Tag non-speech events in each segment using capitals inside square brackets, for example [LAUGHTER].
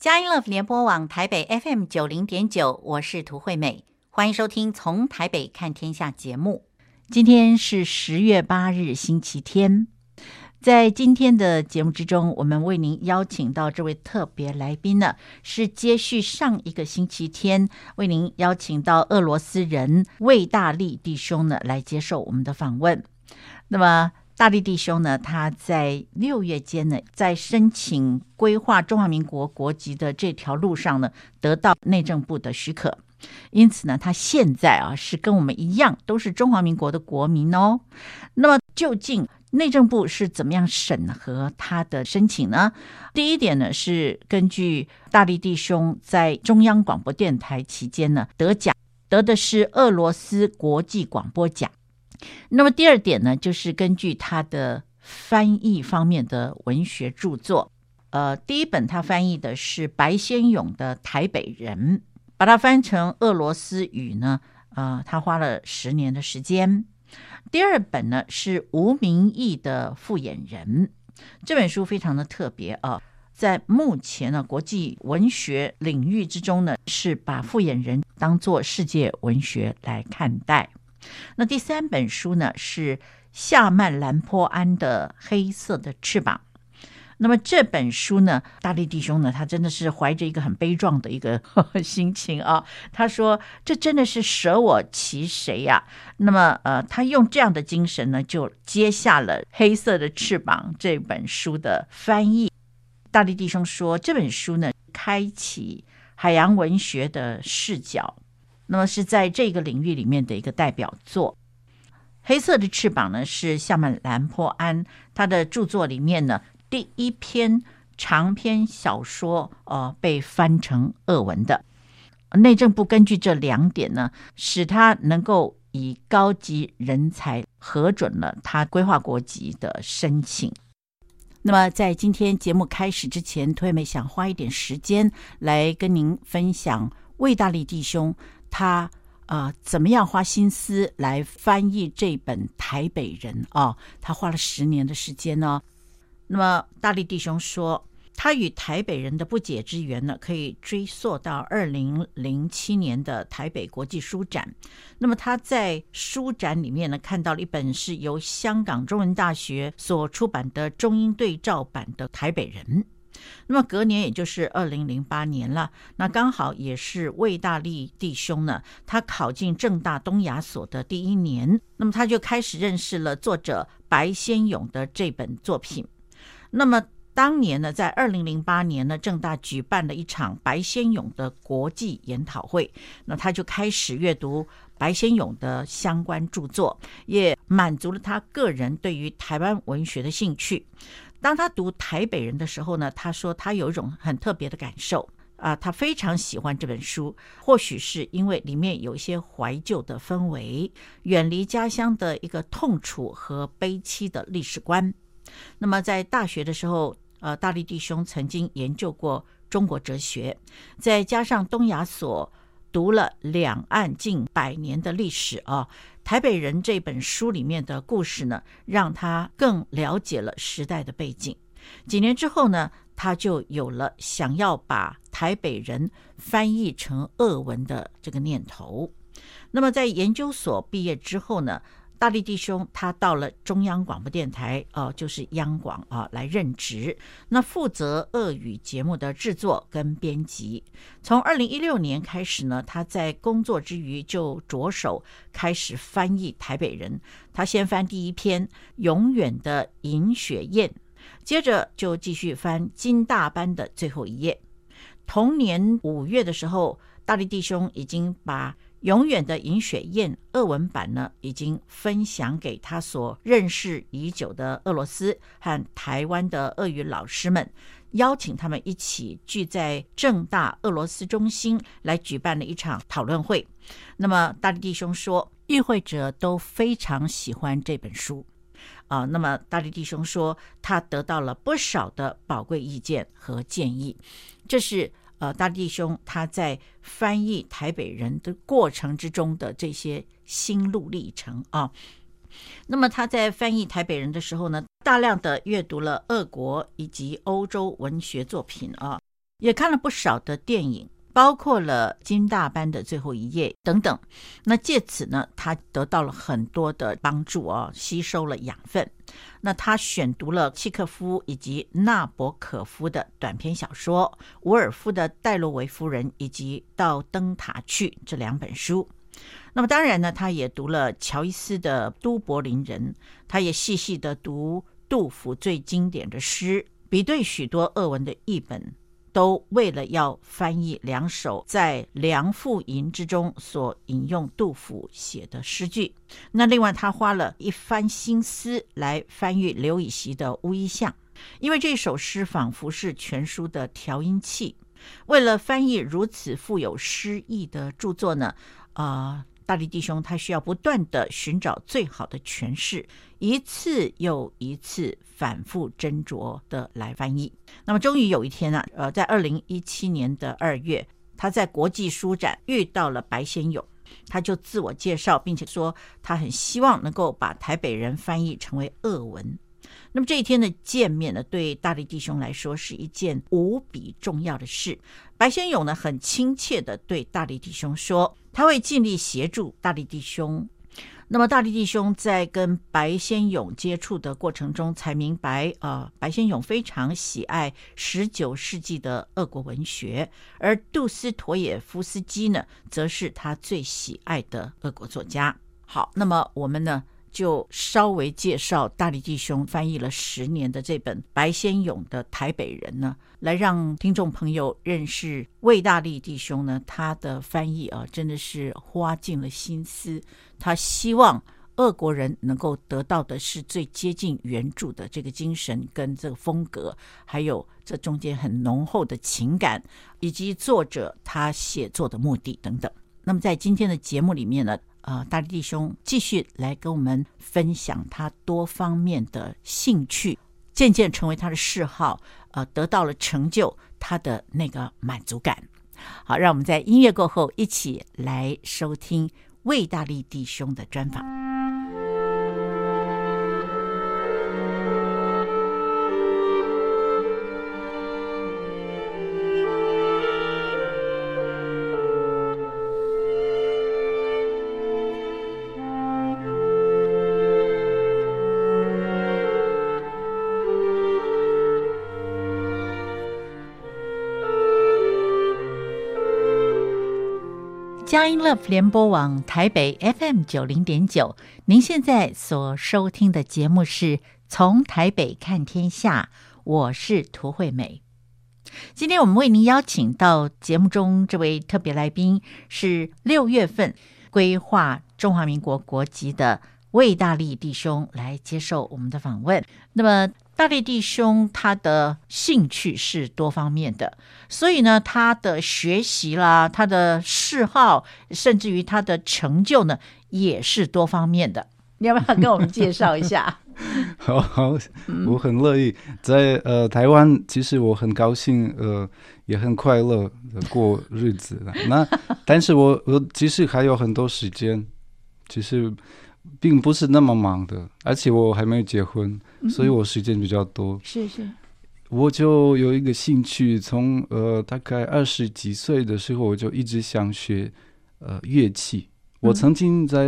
佳音樂聯播網台北 FM 九零點九，我是涂惠美，歡迎收聽《從台北看天下》節目。今天是十月八日，星期天。在今天的節目之中，我們為您邀請到這位特別來賓呢，是接續上一個星期天為您邀請到俄羅斯人衛大力弟兄呢來接受我們的訪問。那麼。大力弟兄呢，他在六月間呢，在申請歸化中華民國國籍的這條路上呢，得到內政部的許可，因此呢，他現在啊是跟我們一樣，都是中華民國的國民哦。那麼，究竟內政部是怎麼樣審核他的申請呢？第一點呢，是根據大力弟兄在中央廣播電台期間呢，得獎，得的是俄羅斯國際廣播獎。那麼第二點呢，就是根據他的翻譯方面的文學著作，呃，第一本他翻譯的是白先勇的《台北人》，把它翻成俄羅斯語呢，呃，他花了十年的時間。第二本呢是吳明義的《複眼人》，這本書非常的特別啊，呃，在目前的國際文學領域之中呢，是把《複眼人》當做世界文學來看待。那第三本書呢，是夏曼藍波安的《黑色的翅膀》。那麼這本書呢，大力弟兄呢，他真的是懷着一個很悲壯的一個呵呵心情啊。他說：“這真的是捨我其誰呀、啊！”那麼，呃，他用這樣的精神呢，就接下了《黑色的翅膀》這本書的翻譯。大力弟兄說，這本書呢，開啟海洋文學的視角。那麼是在這個領域裡面的一個代表作。《黑色的翅膀》呢，是夏曼·藍波安他的著作裡面呢第一篇長篇小說，呃，被翻成俄文的。內政部根據這兩點呢，使他能夠以高級人才核准了他規劃國籍歸化國籍的申請。那麼在今天節目開始之前，推美想花一點時間來跟您分享衛大力弟兄，他啊、呃，怎麼樣花心思來翻譯這本《台北人》啊、哦？他花了十年的時間呢、哦。那麼，大力弟兄說，他與《台北人》的不解之緣呢，可以追溯到二零零七年的台北國際書展。那麼，他在書展裡面呢，看到了一本是由香港中文大學所出版的中英對照版的《台北人》。那麼隔年，也就是二零零八年了，那剛好也是衛大力弟兄呢，他考進政大東亞所的第一年，那麼他就開始認識了作者白先勇的這本作品。那麼當年呢，在二零零八年呢，政大舉辦了一場白先勇的國際研討會，那他就開始閱讀白先勇的相關著作，也滿足了他個人對於台灣文學的興趣。當他讀《台北人》的時候呢，他說他有一種很特別的感受啊，他非常喜歡這本書，或許是因為裡面有一些懷舊的氛圍，遠離家鄉的一個痛楚和悲戚的歷史觀。那麼在大學的時候，呃、啊，大力弟兄曾經研究過中國哲學，再加上東亞所。讀了兩岸近百年的歷史啊、哦，《台北人》這本書裡面的故事呢，讓他更了解了時代的背景。幾年之後呢，他就有了想要把《台北人》翻譯成俄文的這個念頭。那麼，在研究所畢業之後呢，大力弟兄他到了中央廣播電台，哦、呃，就是央廣啊、呃，來任職。那負責俄語節目的制作跟編輯。從二零一六年開始呢，他在工作之餘就着手開始翻譯台北人。他先翻第一篇《永遠的尹雪艷》，接着就繼續翻金大班的最後一夜。同年五月的時候，大力弟兄已經把。永遠的尹雪艷，俄文版呢已經分享給他所認識已久的俄羅斯和台灣的俄語老師們，邀請他們一起聚在正大俄羅斯中心來舉辦了一場討論會。那麼大力弟兄說，與會者都非常喜歡這本書啊。那麼大力弟兄說，他得到了不少的寶貴意見和建議。這是。呃，大力弟兄他在翻譯台北人的過程之中的這些心路歷程啊。那麼他在翻譯台北人的時候呢，大量的閱讀了俄國以及歐洲文學作品啊，也看了不少的電影。包括了金大班的最後一夜等等，那借此呢，他得到了很多的幫助哦，吸收了養分。那他選讀了契訶夫以及納博科夫的短篇小說，伍爾夫的《戴洛維夫人》以及《到燈塔去》這兩本書。那麼當然呢，他也讀了喬伊斯的《都柏林人》，他也細細的讀杜甫最經典的詩，比對許多俄文的譯本。都為了要翻譯兩首在《梁父吟》之中所引用杜甫寫的詩句，那另外他花了一番心思來翻譯劉禹錫的《烏衣巷》，因為這首詩仿佛是全書的調音器。為了翻譯如此富有詩意的著作呢，啊、呃。大力弟兄他需要不斷地尋找最好的詮釋，一次又一次反復斟酌地來翻譯。那麼終於有一天呢，呃，在二零一七年的二月，他在國際書展遇到了白先勇，他就自我介紹，並且說他很希望能夠把台北人翻譯成為俄文。那麼這一天的見面呢，對大力弟兄來說是一件無比重要的事。白先勇呢，很親切地對大力弟兄說，他會盡力協助大力弟兄。那麼大力弟兄在跟白先勇接觸的過程中，才明白啊、呃，白先勇非常喜愛十九世紀的俄國文學，而杜斯妥也夫斯基呢，則是他最喜愛的俄國作家。好，那麼我們呢，就稍微介紹大力弟兄翻譯了十年的這本白先勇的《台北人》呢，來讓聽眾朋友認識衛大力弟兄呢，他的翻譯啊，真的是花盡了心思。他希望俄國人能夠得到的是最接近原著的這個精神跟這個風格，還有這中間很濃厚的情感，以及作者他寫作的目的等等。那麼在今天的節目裡面呢？啊、呃，大力弟兄繼續來跟我們分享他多方面的興趣，漸漸成為他的嗜好，呃，得到了成就他的那個滿足感。好，讓我們在音樂過後一起來收聽衛大力弟兄的專訪。佳音 love 聯播網台北 FM 九零點九，您現在所收聽的節目是《從台北看天下》，我是涂惠美。今天我們為您邀請到節目中這位特別來賓是六月份歸化中華民國國籍的衛大力弟兄來接受我們的訪問。那麼。大力弟兄，他的興趣是多方面的，所以呢，他的學習啦，他的嗜好、甚至於他的成就呢，也是多方面的。 [LAUGHS] 你要不要跟我們介紹一下？ [LAUGHS] 好，好，我很樂意。在呃台灣，其實我很高興，呃，也很快樂的過日子。 [LAUGHS] 那但是我我其實還有很多時間，其實。並不是那麼忙的，而且我還沒有結婚，嗯、哼所以我時間比較多。是是，我就有一個興趣，從呃大概二十幾歲的時候，我就一直想學呃樂器。嗯、我曾經在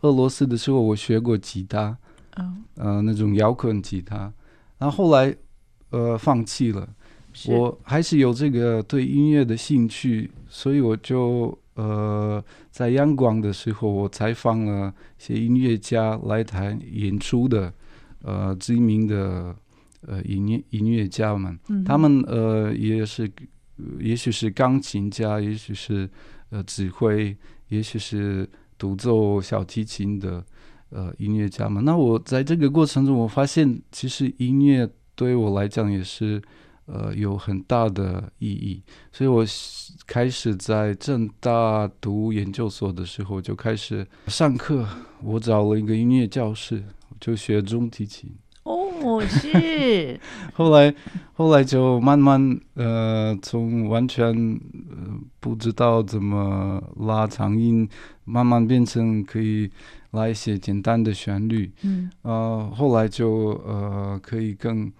俄羅斯的時候，我學過吉他，哦、呃那種搖滾吉他，然後後來呃放棄了。是我還是有這個對音樂的興趣，所以我就。呃，在央廣的時候，我採訪了一些音樂家來台演出的，呃，知名的呃音樂音樂家們，嗯、哼他們呃也是，呃、也許是鋼琴家，也許是呃指揮，也許是獨奏小提琴的呃音樂家們。那我在這個過程中，我發現其實音樂對我來講也是。呃，有很大的意義，所以我開始在政大讀研究所的時候就開始上課。我找了一個音樂教室，就學中提琴。哦，是。 [LAUGHS] 後來，後來就慢慢呃，從完全、呃、不知道怎麼拉長音，慢慢變成可以拉一些簡單的旋律。嗯。呃，後來就呃，可以更。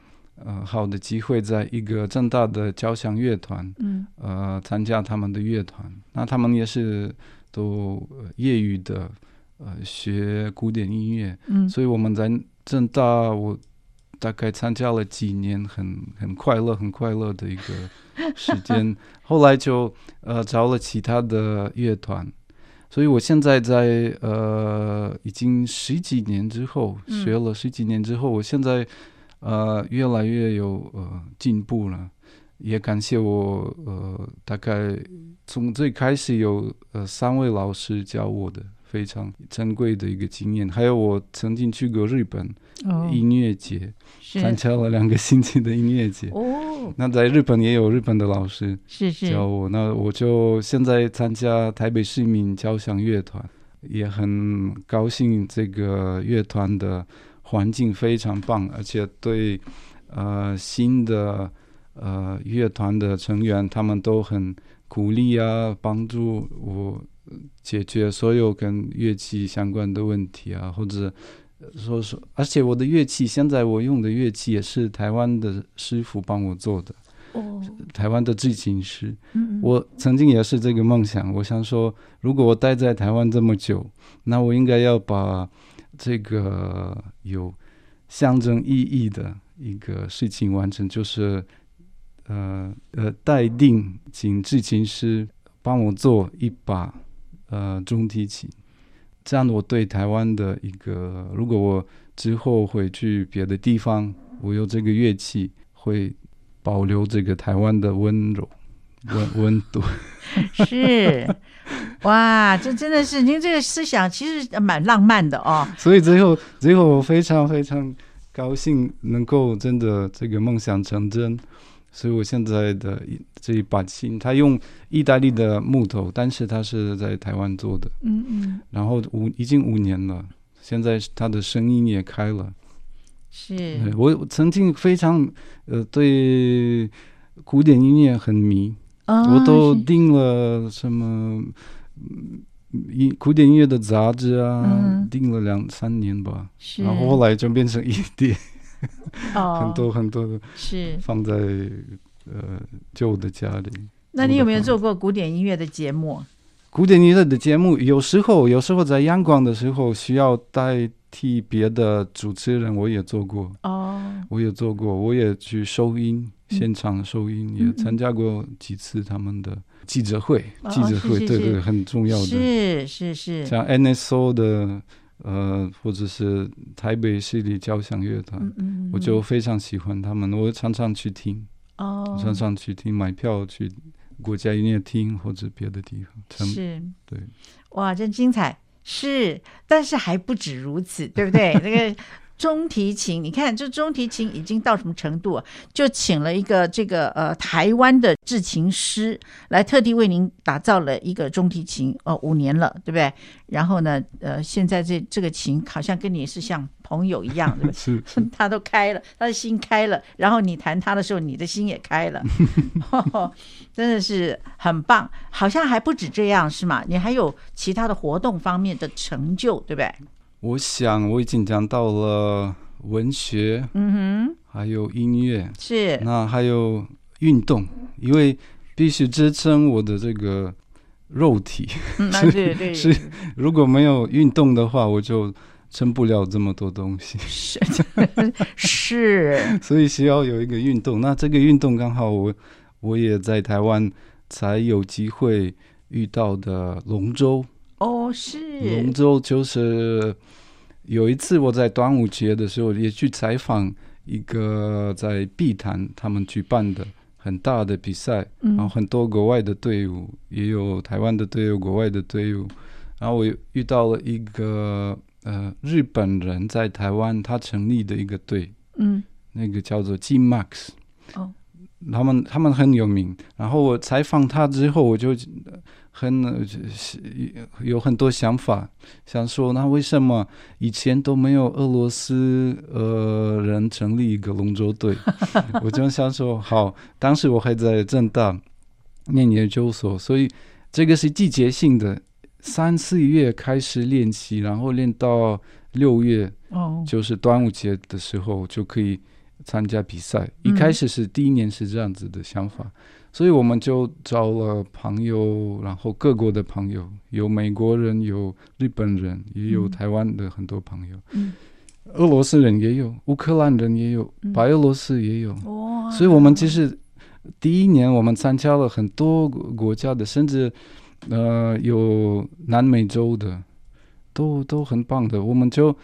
嗯、呃，好的機會在一個正大的交響樂團，嗯，呃，參加他們的樂團，那他們也是都業餘的，呃，學古典音樂，嗯，所以我們在正大，我大概參加了幾年很，很很快樂，很快樂的一個時間。 [LAUGHS] 後來就呃，找了其他的樂團，所以我現在在呃，已經十幾年之後，學了十幾年之後，嗯、我現在。呃，越來越有呃進步了，也感謝我呃，大概從最開始有呃三位老師教我的，非常珍貴的一個經驗。還有我曾經去過日本音樂節，哦、是參加了兩個星期的音樂節。哦，那在日本也有日本的老師教我，是、是，那我就現在參加台北市民交響樂團，也很高興這個樂團的。環境非常棒，而且對呃新的呃樂團的成員，他們都很鼓勵啊，幫助我解決所有跟樂器相關的問題啊，或者說是，而且我的樂器現在我用的樂器也是台灣的師傅幫我做的，哦、台灣的製琴師。嗯嗯，我曾經也是這個夢想，我想說，如果我待在台灣這麼久，那我應該要把。這個有象徵意義的一個事情完成，就是呃呃待定，請制琴師幫我做一把呃中提琴，這樣我對台灣的一個，如果我之後回去別的地方，我有這個樂器，會保留這個台灣的溫柔溫溫度。 [LAUGHS] 是。哇，這真的是您這個思想其實蠻浪漫的哦。所以最後，最後我非常非常高興能夠真的這個夢想成真。所以我現在的這一把琴，它用意大利的木頭，嗯、但是它是在台灣做的。嗯嗯。然後五已經五年了，現在它的聲音也開了。是、嗯。我曾經非常呃對古典音樂很迷，哦、我都訂了什麼。嗯，音古典音樂的雜誌啊，嗯、哼訂了兩三年吧，是然後後來就變成一點，哦、 [LAUGHS] 很多很多的，是放在是呃舊的家裡。那你有沒有做過古典音樂的節目？古典音樂的節目，有時候，有時候在央廣的時候需要代替別的主持人，我也做過哦，我也做過，我也去收音。現場收音，也參加過幾次他們的記者會，嗯嗯記者會，哦、是是是，對對，很重要的，是是是，像 NSO 的，呃，或者是台北市立交響樂團，嗯嗯嗯，我就非常喜歡他們，我常常去聽哦，常常去聽，買票去國家音樂廳或者別的地方，他們是，對，哇，真精彩，是，但是還不止如此，對不對？這個。中提琴，你看這中提琴已經到什麼程度啊？就請了一個這個呃台灣的製琴師來，特地為您打造了一個中提琴。哦、呃，五年了，對不對？然後呢，呃，現在這這個琴好像跟你是像朋友一樣，對不對？ [LAUGHS] 是，他都開了，他的心開了，然後你彈他的時候，你的心也開了， [LAUGHS] [LAUGHS] 真的是很棒。好像還不止這樣，是嗎？你還有其他的活動方面的成就，對不對？我想，我已經講到了文學，嗯哼，還有音樂，是，那還有運動，因為必須支撐我的這個肉體，嗯、對對，是，是，如果沒有運動的話，我就撐不了這麼多東西，是是， [LAUGHS] 是 [LAUGHS] 所以需要有一個運動。那這個運動剛好我我也在台灣才有機會遇到的龍舟。哦，oh, 是龍舟，就是有一次我在端午節的時候也去採訪一個在碧潭他們舉辦的很大的比賽，嗯，然後很多國外的隊伍，也有台灣的隊伍、國外的隊伍，然後我遇到了一個呃日本人，在台灣他成立的一個隊，嗯，那個叫做 G-Max 哦。Oh. 他們他們很有名，然後我採訪他之後，我就很有很多想法，想說那為什麼以前都沒有俄羅斯呃人成立一個龍舟隊？ [LAUGHS] 我就想說，好，當時我還在政大念研究所，所以這個是季節性的，三四月開始練習，然後練到六月，Oh. 就是端午節的時候就可以。參加比賽，一開始是第一年是這樣子的想法，嗯、所以我們就找了朋友，然後各國的朋友，有美國人，有日本人，也有台灣的很多朋友，嗯、俄羅斯人也有，烏克蘭人也有，嗯、白俄羅斯也有，哦、所以我們其實第一年我們參加了很多國家的，甚至呃有南美洲的，都都很棒的，我們就。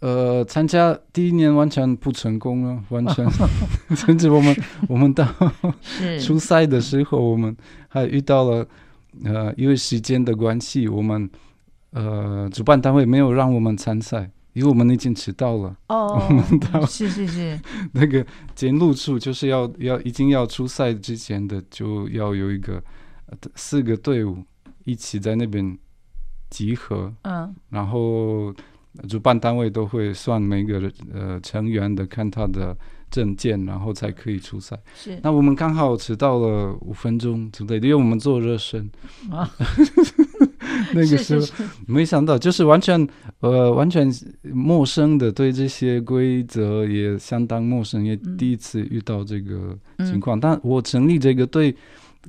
呃，參加第一年完全不成功了，完全、哦、甚至我們是我們到初賽的時候，是我們還遇到了呃，因為時間的關係，我們呃主辦單位沒有讓我們參賽，因為我們已經遲到了。哦，我們到是是是，是那個檢錄處就是要要已經要初賽之前的就要有一個四個隊伍一起在那邊集合，嗯，然後。主辦單位都會算每個呃成員的，看他的證件，然後才可以出賽。是那我們剛好遲到了五分鐘，對不對？因為我們做熱身。啊， [LAUGHS] 那個時候沒想到，就是完全呃完全陌生的，對這些規則也相當陌生，也第一次遇到這個情況。嗯、但我成立這個隊，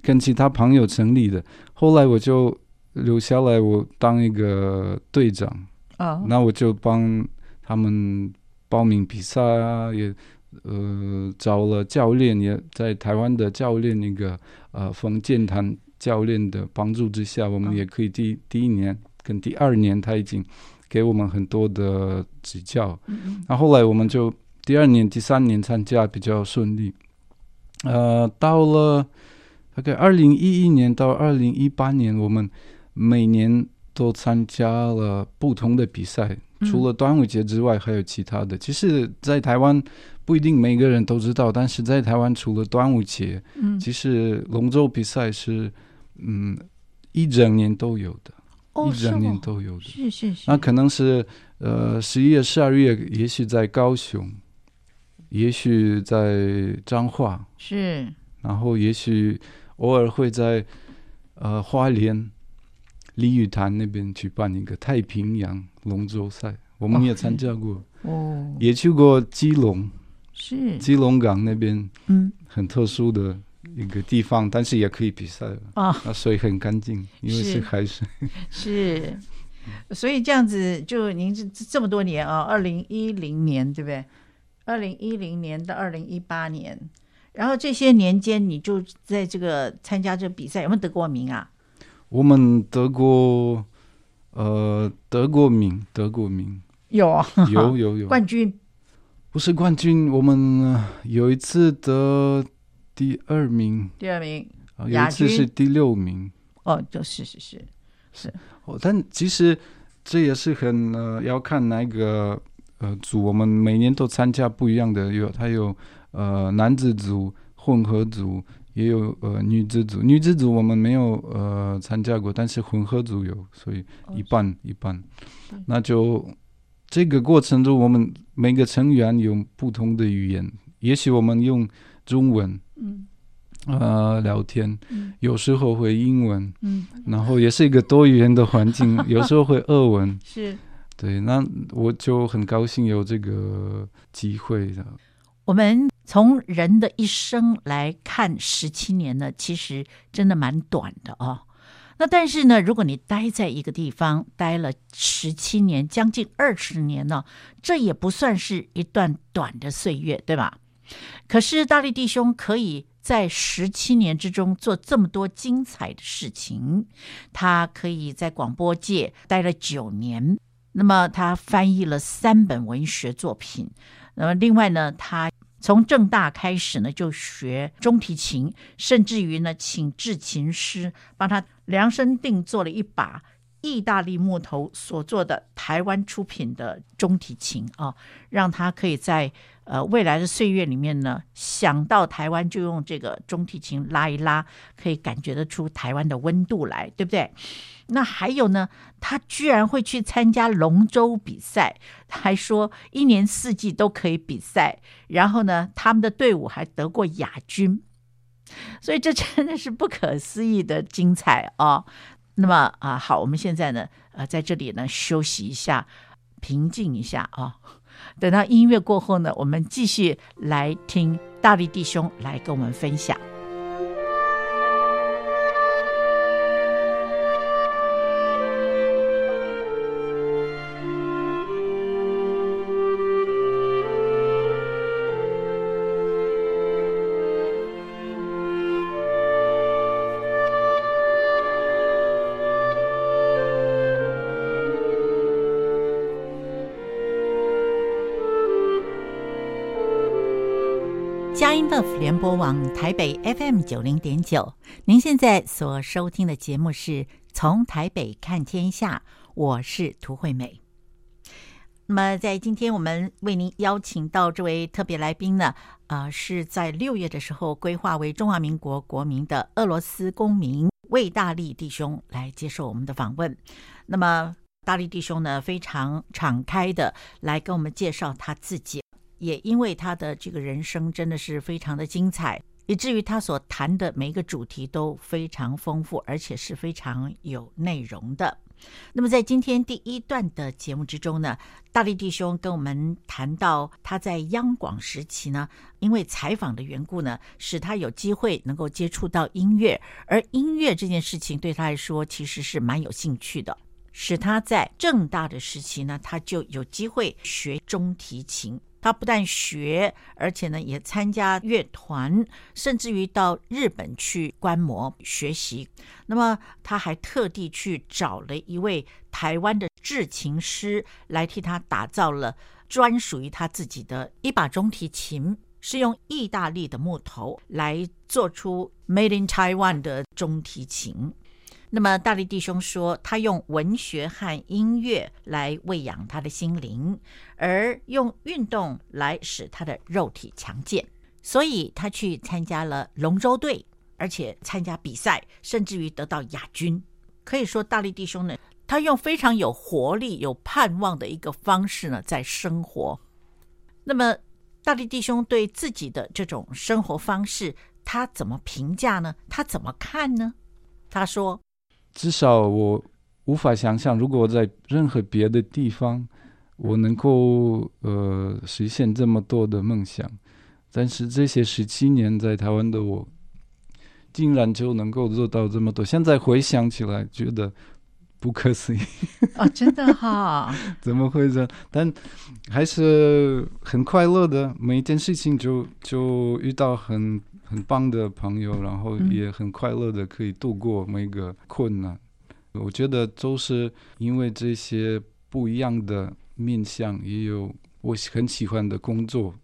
跟其他朋友成立的，後來我就留下來，我當一個隊長。啊， [NOISE] 那我就幫他們報名比賽啊，也呃找了教練，也在台灣的教練那個呃馮健壇教練的幫助之下，我們也可以第第一年跟第二年 [NOISE] 他已經給我們很多的指教， [NOISE] 那後來我們就第二年第三年參加比較順利，呃，到了大概二零一一年到二零一八年，我們每年。都參加了不同的比賽，除了端午節之外，還有其他的。嗯、其實，在台灣不一定每一個人都知道，但是在台灣除了端午節，嗯，其實龍舟比賽是嗯一整年都有的，一整年都有的。是是是。那可能是呃十一月、十二月，也許在高雄，嗯、也許在彰化，是。然後，也許偶爾會在呃花蓮。鯉魚潭那邊舉辦一個太平洋龍舟賽，我們也參加過，哦，嗯、哦也去過基隆，是基隆港那邊，嗯，很特殊的一個地方，嗯、但是也可以比賽，哦、啊，那水很乾淨，因為是海水，是， [LAUGHS] 是，所以這樣子，就您這這麼多年啊、哦，二零一零年對不對？二零一零年到二零一八年，然後這些年間，你就在這個參加這個比賽，有沒有得過名啊？我們得過，呃，得過名，得過名，有，哦、有，有，有，有冠軍，不是冠軍，我們有一次得第二名，第二名，啊，有一次是第六名，君哦，就是是是是，哦，但其實這也是很呃，要看哪個呃組，我們每年都參加不一樣的，有他有呃男子組、混合組。也有呃女子組，女子組我們沒有呃參加過，但是混合組有，所以一半、哦、一半。對那就這個過程中，我們每個成員用不同的語言，也許我們用中文，嗯，啊、呃、聊天，嗯、有時候會英文，嗯，然後也是一個多語言的環境，嗯、有時候會俄文， [LAUGHS] 是，對，那我就很高興有這個機會的。我們。從人的一生來看，十七年呢，其實真的蠻短的哦。那但是呢，如果你待在一個地方待了十七年，將近二十年呢，這也不算是一段短的歲月，對吧？可是大力弟兄可以在十七年之中做這麼多精彩的事情。他可以在廣播界待了九年，那麼他翻譯了三本文學作品，那麼另外呢，他……從政大開始呢，就學中提琴，甚至於呢，請製琴師幫他量身定做了一把意大利木頭所做的台灣出品的中提琴啊、哦，讓他可以在呃未來的歲月裡面呢，想到台灣就用這個中提琴拉一拉，可以感覺得出台灣的溫度來，對不對？那還有呢？他居然會去參加龍舟比賽，還說一年四季都可以比賽。然後呢，他們的隊伍還得過亞軍，所以這真的是不可思議的精彩啊、哦！那麼啊，好，我們現在呢，呃，在這裡呢，休息一下，平靜一下啊、哦。等到音樂過後呢，我們繼續來聽大力弟兄來跟我們分享。廣播網台北 FM 九零點九，您現在所收聽的節目是《從台北看天下》，我是涂惠美。那麼，在今天我們為您邀請到這位特別來賓呢，啊、呃，是在六月的時候歸化為中華民國國民的俄羅斯公民衛大力弟兄來接受我們的訪問。那麼，大力弟兄呢，非常敞開的來跟我們介紹他自己。也因為他的這個人生真的是非常的精彩，以至於他所談的每一個主題都非常豐富，而且是非常有內容的。那麼在今天第一段的節目之中呢，大力弟兄跟我們談到他在央廣時期呢，因為採訪的緣故呢，使他有機會能夠接觸到音樂，而音樂這件事情對他來說其實是蠻有興趣的，使他在政大的時期呢，他就有機會學中提琴。他不但學，而且呢也參加樂團，甚至於到日本去觀摩學習。那麼他還特地去找了一位台灣的製琴師來替他打造了專屬於他自己的一把中提琴，是用意大利的木頭來做出 Made in Taiwan 的中提琴。那麼大力弟兄說，他用文學和音樂來餵養他的心靈，而用運動來使他的肉體強健，所以他去參加了龍舟隊，而且參加比賽，甚至於得到亞軍。可以說，大力弟兄呢，他用非常有活力、有盼望的一個方式呢，在生活。那麼，大力弟兄對自己的這種生活方式，他怎麼評價呢？他怎麼看呢？他說。至少我無法想象，如果我在任何別的地方，我能夠呃實現這麼多的夢想。但是這些十七年在台灣的我，竟然就能夠做到這麼多。現在回想起來，覺得不可思議。哦，真的哈？怎麼會這樣？但還是很快樂的，每一件事情就就遇到很，很棒的朋友，然後也很快樂的可以度過每一個困難。嗯、我覺得就是因為這些不一樣的面向，也有我很喜歡的工作，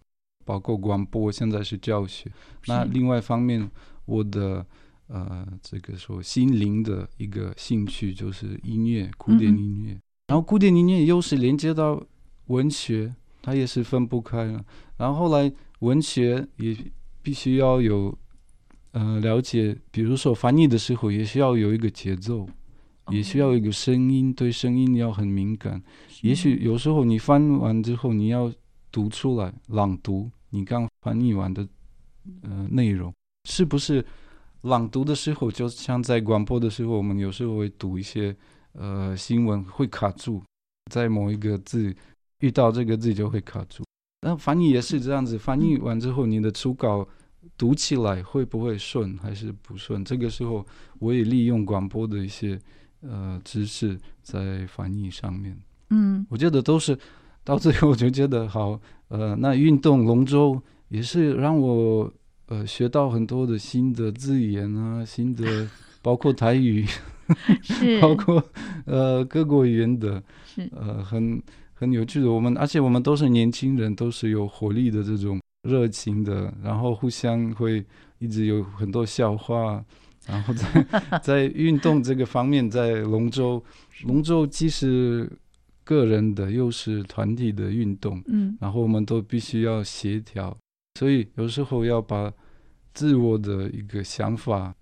包括廣播，現在是教學。是那另外一方面，我的呃，這個說心靈的一個興趣就是音樂，古典音樂。嗯、哼然後古典音樂又是連接到文學，它也是分不開了。然後後來文學也必須要有，呃，了解。比如說翻譯的時候，也需要有一個節奏，Okay. 也需要一個聲音。對聲音要很敏感。是嗎？也許有時候你翻完之後，你要讀出來，朗讀你剛翻譯完的，呃，內容是不是。朗讀的時候，就像在廣播的時候，我們有時候會讀一些呃新聞，會卡住，在某一個字，遇到這個字就會卡住。那翻譯也是這樣子，嗯、翻譯完之後，你的初稿、嗯。讀起來會不會順還是不順？這個時候我也利用廣播的一些呃知識在翻譯上面。嗯，我覺得都是到最後我就覺得好呃，那運動龍舟也是讓我呃學到很多的新的字眼啊，新的包括台語， [LAUGHS] [LAUGHS] 包括呃各國語言的。是呃很很有趣的。我們而且我們都是年輕人，都是有活力的這種。熱情的，然後互相會一直有很多笑話，然後在在運動這個方面， [LAUGHS] 在龍舟，龍舟既是個人的，又是團體的運動，嗯，然後我們都必須要協調，所以有時候要把自我的一個想法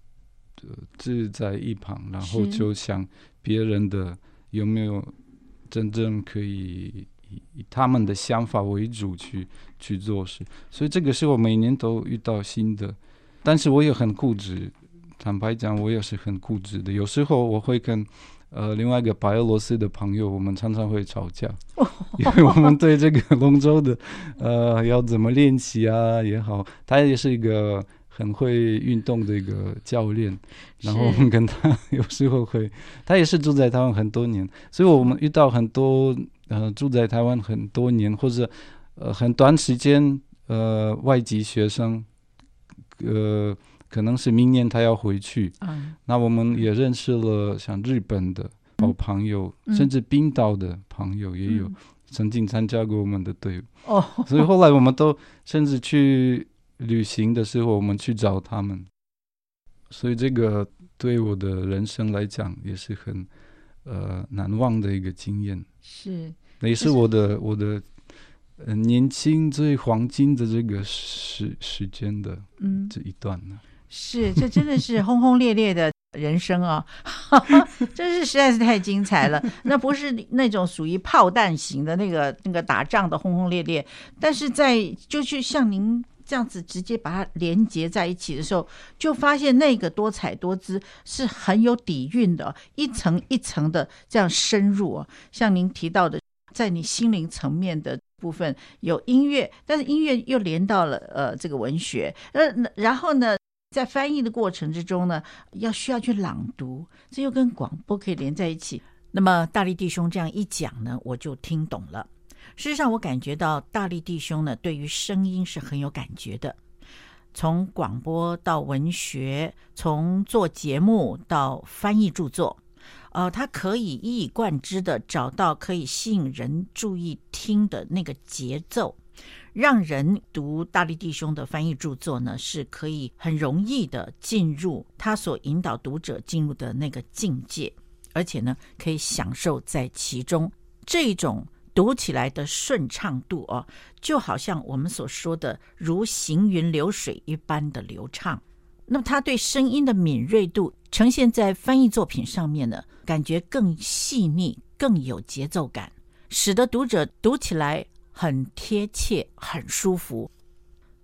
置在一旁，然後就想別人的有沒有真正可以。以他們的想法為主，去去做事，所以這個是我每年都遇到新的。但是我也很固執，坦白講，我也是很固執的。有時候我會跟呃另外一個白俄羅斯的朋友，我們常常會吵架， [LAUGHS] 因為我們對這個龍舟的呃要怎麼練習啊也好，他也是一個很會運動的一個教練，然後我們跟他有時候會，他也是住在台灣很多年，所以我們遇到很多。呃，住在台灣很多年，或者呃很短時間，呃，外籍學生，呃，可能是明年他要回去，嗯、那我們也認識了像日本的好朋友，嗯、甚至冰島的朋友也有曾經參加過我們的隊伍，嗯、所以後來我們都甚至去旅行的時候，我們去找他們， [LAUGHS] 所以這個對我的人生來講也是很呃難忘的一個經驗。是，那也是我的是我的呃年輕最黃金的這個時時間的，嗯，這一段呢，嗯、是這真的是轟轟烈烈的人生啊，真 [LAUGHS] [LAUGHS] 是實在是太精彩了。 [LAUGHS] 那不是那種屬於炮彈型的那個那個打仗的轟轟烈烈，但是在就是像您，這樣子直接把它連接在一起的時候，就發現那個多彩多姿是很有底蘊的，一層一層的這樣深入哦。像您提到的，在你心靈層面的部分有音樂，但是音樂又連到了呃這個文學，呃，然後呢，在翻譯的過程之中呢，要需要去朗讀，這又跟廣播可以連在一起。那麼大力弟兄這樣一講呢，我就聽懂了。事實上，我感覺到大力弟兄呢，對於聲音是很有感覺的。從廣播到文學，從做節目到翻譯著作，呃，他可以一以貫之的找到可以吸引人注意聽的那個節奏，讓人讀大力弟兄的翻譯著作呢，是可以很容易的進入他所引導讀者進入的那個境界，而且呢，可以享受在其中這種。讀起來的順暢度哦，就好像我們所說的如行雲流水一般的流暢。那麼他對聲音的敏銳度呈現在翻譯作品上面呢，感覺更細膩、更有節奏感，使得讀者讀起來很貼切、很舒服。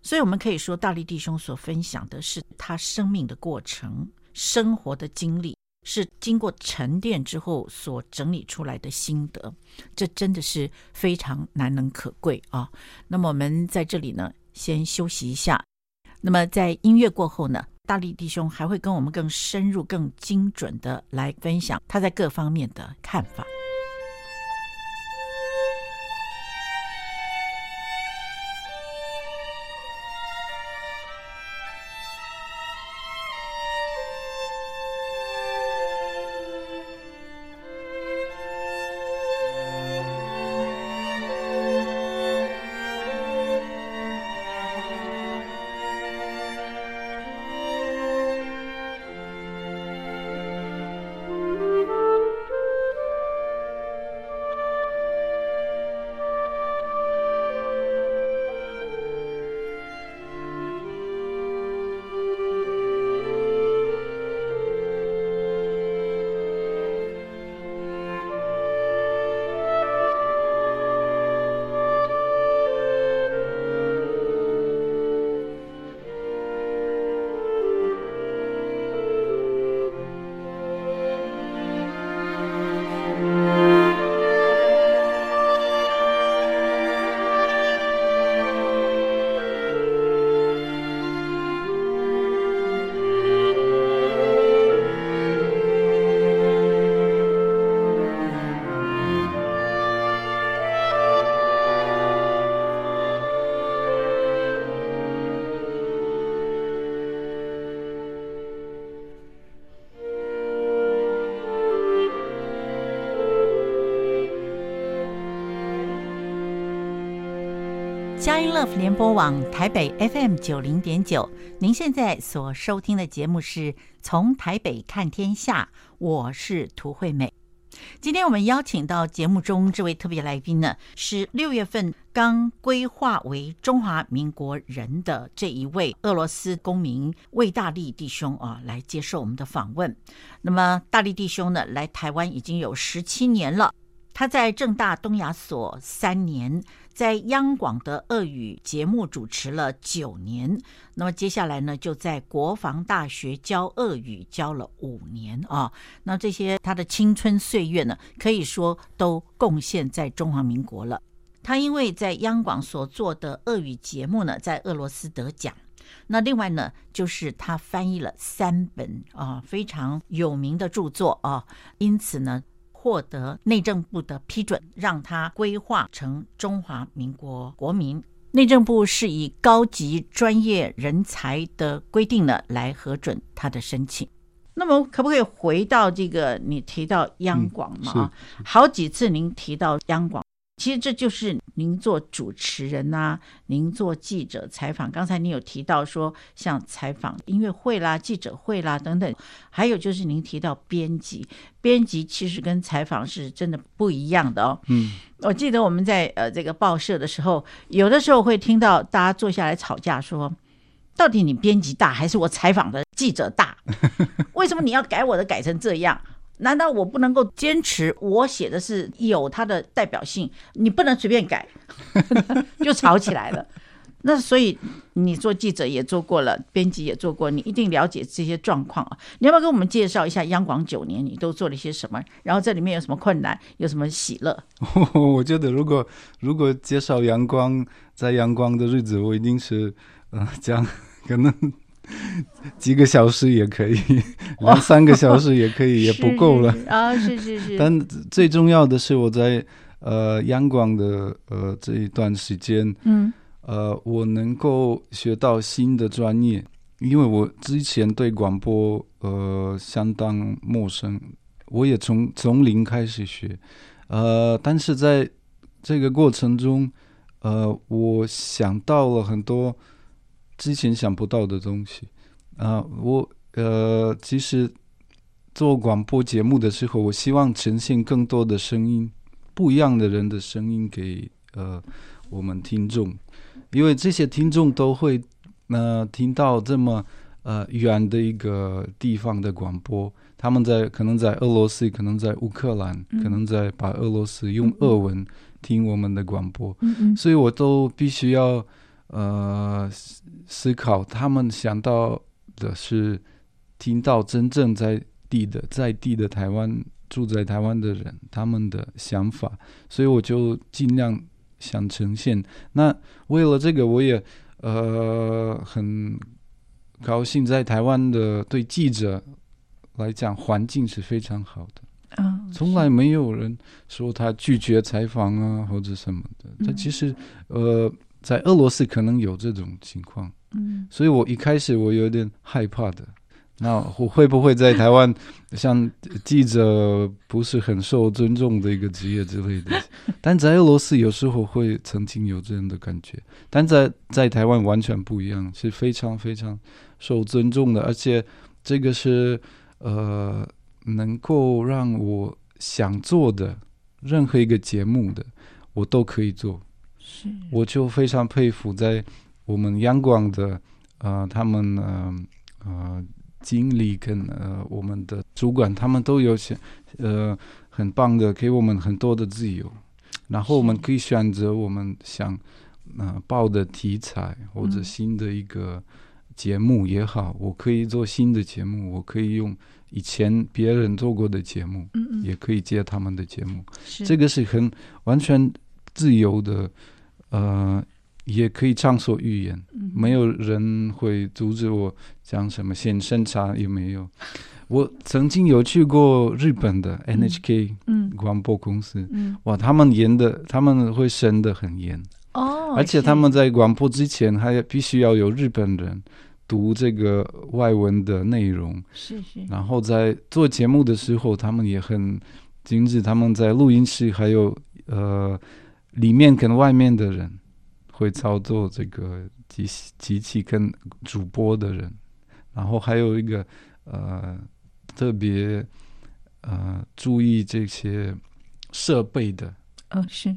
所以我們可以說，大力弟兄所分享的是他生命的過程、生活的經歷。是經過沉澱之後所整理出來的心得，這真的是非常難能可貴啊！那麼我們在這裡呢，先休息一下。那麼在音樂過後呢，大力弟兄還會跟我們更深入、更精準的來分享他在各方面的看法。家音樂福聯播網台北 FM 九零點九，您現在所收聽的節目是《從台北看天下》，我是涂惠美。今天我們邀請到節目中這位特別來賓呢，是六月份剛歸化為中華民國人的這一位俄羅斯公民衛大力弟兄啊，來接受我們的訪問。那麼大力弟兄呢，來台灣已經有十七年了，他在政大東亞所三年。在央廣的俄語節目主持了九年，那麼接下來呢，就在國防大學教俄語教了五年啊。那這些他的青春歲月呢，可以說都貢獻在中華民國了，他因為在央廣所做的俄語節目呢，在俄羅斯得獎。那另外呢，就是他翻譯了三本啊非常有名的著作啊，因此呢。獲得內政部的批准，讓他歸化成中華民國國民。內政部是以高級專業人才的規定呢來核准他的申請。那麼，可不可以回到這個？你提到央廣嘛？嗯、好幾次您提到央廣。其實這就是您做主持人吶、啊，您做記者採訪。剛才您有提到說，像採訪音樂會啦、記者會啦等等，還有就是您提到編輯，編輯其實跟採訪是真的不一樣的哦。嗯，我記得我們在呃這個報社的時候，有的時候會聽到大家坐下來吵架說，說到底你編輯大還是我採訪的記者大？ [LAUGHS] 為什麼你要改我的改成這樣？難道我不能夠堅持？我寫的是有它的代表性，你不能隨便改， [LAUGHS] [LAUGHS] 就吵起來了。那所以你做記者也做過了，編輯也做過，你一定了解這些狀況啊。你要不要跟我們介紹一下央廣九年你都做了些什麼？然後這裡面有什麼困難，有什麼喜樂？ [LAUGHS] 我覺得如果如果介紹央廣，在央廣的日子，我一定是嗯這樣、呃、可能。幾個小時也可以，然後三個小時也可以，也不夠了啊！是是是。但最重要的是，我在呃央廣的呃這一段時間，嗯呃，我能夠學到新的專業，因為我之前對廣播呃相當陌生，我也從從零開始學，呃，但是在這個過程中，呃，我想到了很多。之前想不到的東西，啊、呃，我呃，其實做廣播節目的時候，我希望呈現更多的聲音，不一樣的人的聲音給呃我們聽眾，因為這些聽眾都會那、呃、聽到這麼呃遠的一個地方的廣播，他們在可能在俄羅斯，可能在烏克蘭，可能在白俄羅斯用俄文聽我們的廣播，嗯嗯，所以我都必須要。呃，思考，他們想到的是聽到真正在地的、在地的台灣、住在台灣的人，他們的想法，所以我就盡量想呈現。那為了這個，我也呃很高興，在台灣的對記者來講，環境是非常好的啊，哦、從來沒有人說他拒絕採訪啊或者什麼的。他其實、嗯、呃。在俄羅斯可能有這種情況，嗯，所以我一開始我有點害怕的。那我會不會在台灣像記者不是很受尊重的一個職業之類的？嗯。但在俄羅斯有時候會曾經有這樣的感覺，但在在台灣完全不一樣，是非常非常受尊重的，而且這個是呃能夠讓我想做的任何一個節目的我都可以做。是我就非常佩服，在我們央廣的，呃，他們呢、呃，呃，經理跟呃我們的主管，他們都有些，呃，很棒的，給我們很多的自由。然後我們可以選擇我們想，是呃，報的題材或者新的一個節目也好，嗯、我可以做新的節目，我可以用以前別人做過的節目，嗯嗯也可以接他們的節目，是這個是很完全自由的。呃，也可以暢所欲言，嗯哼。沒有人會阻止我講什麼。先審查有沒有？我曾經有去過日本的 NHK 嗯廣播公司嗯，嗯嗯，哇，他們嚴的，他們會審得很嚴哦。而且他們在廣播之前還必須要有日本人讀這個外文的內容。是是。然後在做節目的時候，他們也很精緻。他們在錄音室還有呃。裡面跟外面的人會操作這個機機器跟主播的人，然後還有一個呃特別呃注意這些設備的，是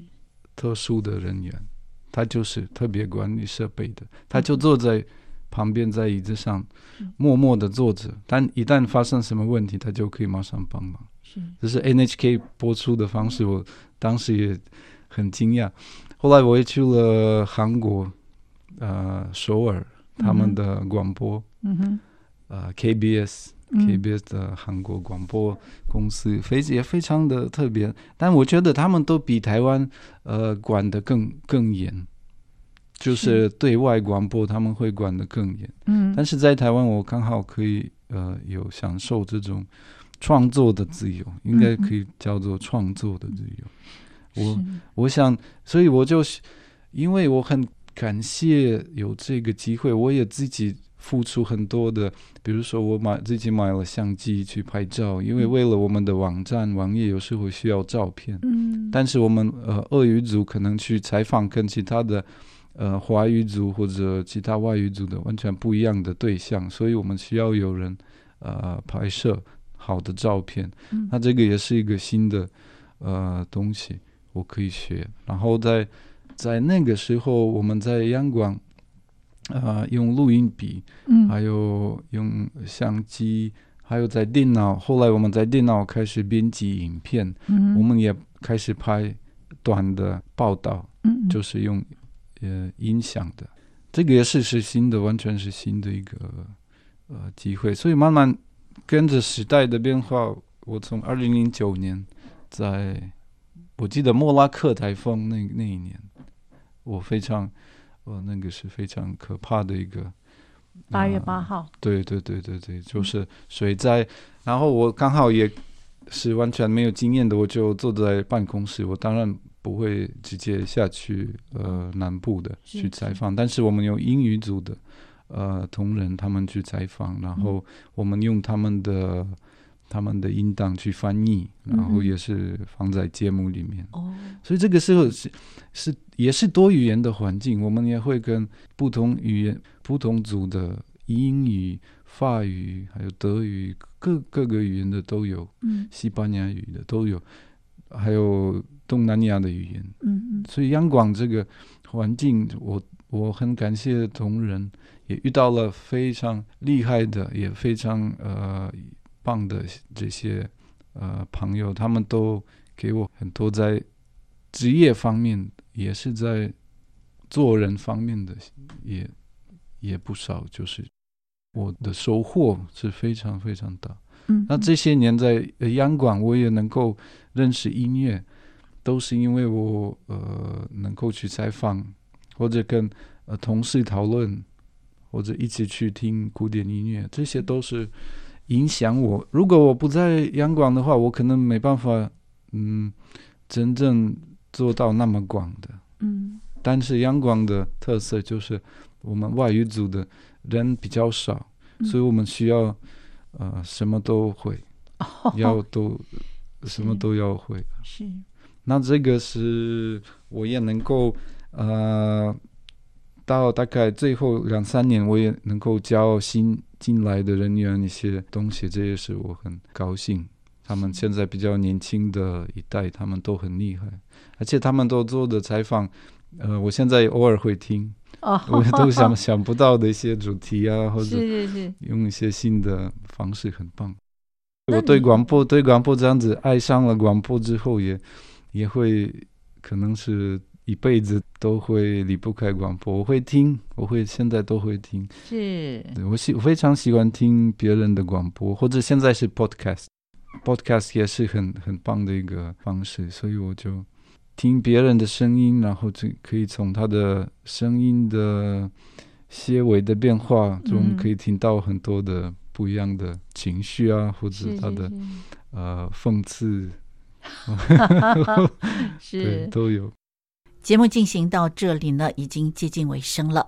特殊的人員，哦、他就是特別管理設備的，他就坐在旁邊在椅子上、嗯、默默地坐着，但一旦發生什麼問題，他就可以馬上幫忙。是這是 NHK 播出的方式，我當時也很驚訝，後來我也去了韓國，呃，首爾他們的廣播，嗯哼，啊、呃、KBS，KBS 的韓國廣播公司非、嗯、也非常的特別，但我覺得他們都比台灣呃管得、更更嚴，就是對外廣播他們會管得更嚴，嗯是，但是在台灣我剛好可以呃有享受這種創作的自由，應該可以叫做創作的自由。嗯嗯嗯我是我想，所以我就，是，因為我很感謝有這個機會，我也自己付出很多的，比如說我買自己買了相機去拍照，因為為了我們的網站網頁有時候需要照片，嗯、但是我們呃，俄語組可能去採訪跟其他的呃華語組或者其他外語組的完全不一樣的對象，所以我們需要有人呃拍攝好的照片，嗯、那這個也是一個新的呃東西。我可以學，然後在在那個時候，我們在央廣啊、呃，用錄音筆，還有用相機，嗯、還有在電腦。後來我們在電腦開始編輯影片，嗯、哼我們也開始拍短的報道，嗯、哼就是用呃音響的，這個也是是新的，完全是新的一個呃機會。所以慢慢跟着時代的變化，我從二零零九年在。我記得莫拉克颱風那那一年，我非常，呃、哦，那個是非常可怕的一個，八月八號、呃，對對對對對，就是水災，嗯、然後我剛好也是完全沒有經驗的，我就坐在辦公室。我當然不會直接下去，呃，南部的去採訪，是是但是我們有英語組的呃同仁他們去採訪，然後我們用他們的。嗯他們的音檔去翻譯，然後也是放在節目裡面。哦、嗯哼，所以這個時候是是也是多語言的環境，我們也會跟不同語言、不同組的英語、法語還有德語各各個語言的都有，嗯，西班牙語的都有，還有東南亞的語言，嗯嗯。所以央廣這個環境，我我很感謝同仁，也遇到了非常厲害的，也非常呃。棒的這些呃朋友，他們都給我很多在職業方面，也是在做人方面的，也也不少，就是我的收穫是非常非常大。嗯哼，那這些年在央廣，呃，我也能夠認識音樂，都是因為我呃能夠去採訪，或者跟呃同事討論，或者一起去聽古典音樂，這些都是。影響我，如果我不在央廣的話，我可能沒辦法，嗯，真正做到那麼廣的，嗯。但是央廣的特色就是，我們外語組的人比較少，嗯、所以我們需要，呃，什麼都會，哦、要都什麼都要會。是。是那這個是我也能夠，呃，到大概最後兩三年，我也能夠教新。新來的人員一些東西，這也是我很高興。他們現在比較年輕的一代，他們都很厲害，而且他們都做的採訪，呃，我現在也偶爾會聽，我都想想不到的一些主題啊，或者用一些新的方式，很棒。我對廣播，對廣播這樣子愛上了廣播之後，也也會可能是。一輩子都會離不開廣播，我會聽，我會現在都會聽。是我喜我非常喜歡聽別人的廣播，或者現在是 podcast，podcast 也是很很棒的一個方式，所以我就聽別人的聲音，然後就可以從他的聲音的些微的變化中，可以聽到很多的不一樣的情緒啊，嗯、或者他的是是是呃諷刺， [LAUGHS] 是 [LAUGHS] 對，都有。節目進行到這裡呢，已經接近尾聲了。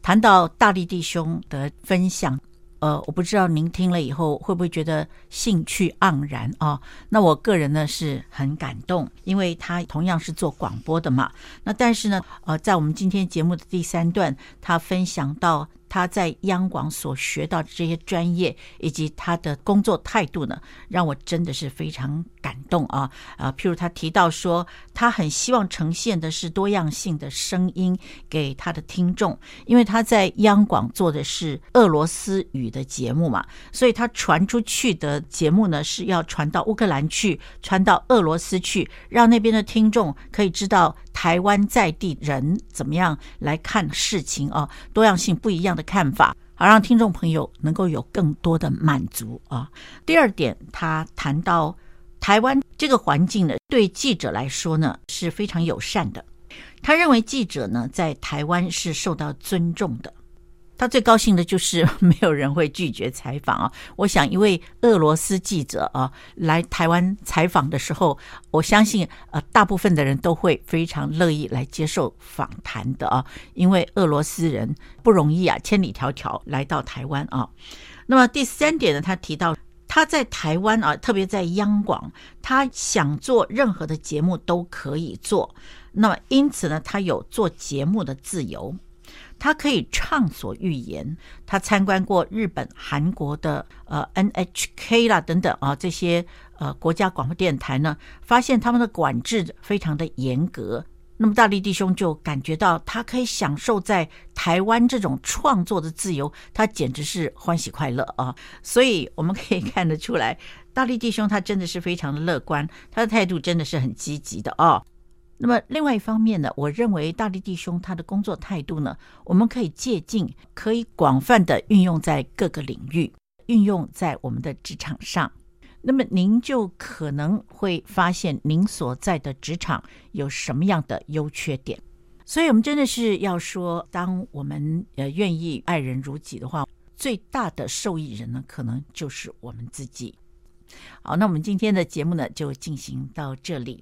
談到大力弟兄的分享，呃，我不知道您聽了以後會不會覺得興趣盎然啊？那我個人呢，是很感動，因為他同樣是做廣播的嘛。那但是呢，呃，在我們今天節目的第三段，他分享到。他在央廣所學到的這些專業，以及他的工作態度呢，讓我真的是非常感動啊啊！譬如他提到說，他很希望呈現的是多樣性的聲音給他的聽眾，因為他在央廣做的是俄羅斯語的節目嘛，所以他傳出去的節目呢，是要傳到烏克蘭去，傳到俄羅斯去，讓那邊的聽眾可以知道。台灣在地人怎麼樣來看事情啊，多樣性不一樣的看法，好讓聽眾朋友能夠有更多的滿足啊。第二點，他談到台灣這個環境呢，對記者來說呢是非常友善的。他認為記者呢在台灣是受到尊重的。他最高興的就是沒有人會拒絕採訪啊！我想，一位俄羅斯記者啊來台灣採訪的時候，我相信呃、啊、大部分的人都會非常樂意來接受訪談的啊，因為俄羅斯人不容易啊，千里迢迢來到台灣啊。那麼第三點呢，他提到他在台灣啊，特別在央廣，他想做任何的節目都可以做，那麼因此呢，他有做節目的自由。他可以暢所欲言，他參觀過日本、韓國的呃 NHK 啦、等等啊，這些呃國家廣播電臺呢，發現他們的管制非常的嚴格，那麼大力弟兄就感覺到他可以享受在台灣這種創作的自由，他簡直是歡喜快樂啊！所以我們可以看得出來，大力弟兄他真的是非常的樂觀，他的態度真的是很積極的啊。那麼，另外一方面呢，我認為大力弟兄他的工作態度呢，我們可以借鏡，可以廣泛地運用在各個領域，運用在我們的職場上。那麼您就可能會發現您所在的職場有什麼樣的優缺點。所以，我們真的是要說，當我們呃願意愛人如己的話，最大的受益人呢，可能就是我們自己。好，那我們今天的節目呢，就進行到這裡。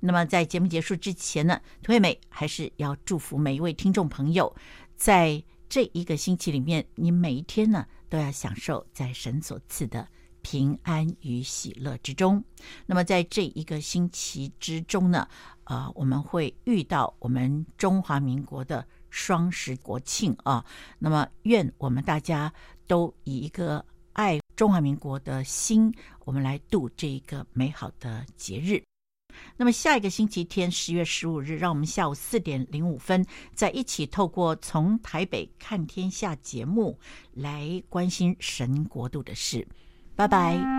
那麼在節目結束之前呢，涂惠美還是要祝福每一位聽眾朋友，在這一個星期裡面，你每一天呢都要享受在神所賜的平安與喜樂之中。那麼在這一個星期之中呢，呃，我們會遇到我們中華民國的雙十國慶啊。那麼願我們大家都以一個愛。中華民國的心，我們來度這一個美好的節日。那麼下一個星期天，十月十五日，讓我們下午四點零五分，再一起透過《從台北看天下》節目，來關心神國度的事。拜拜。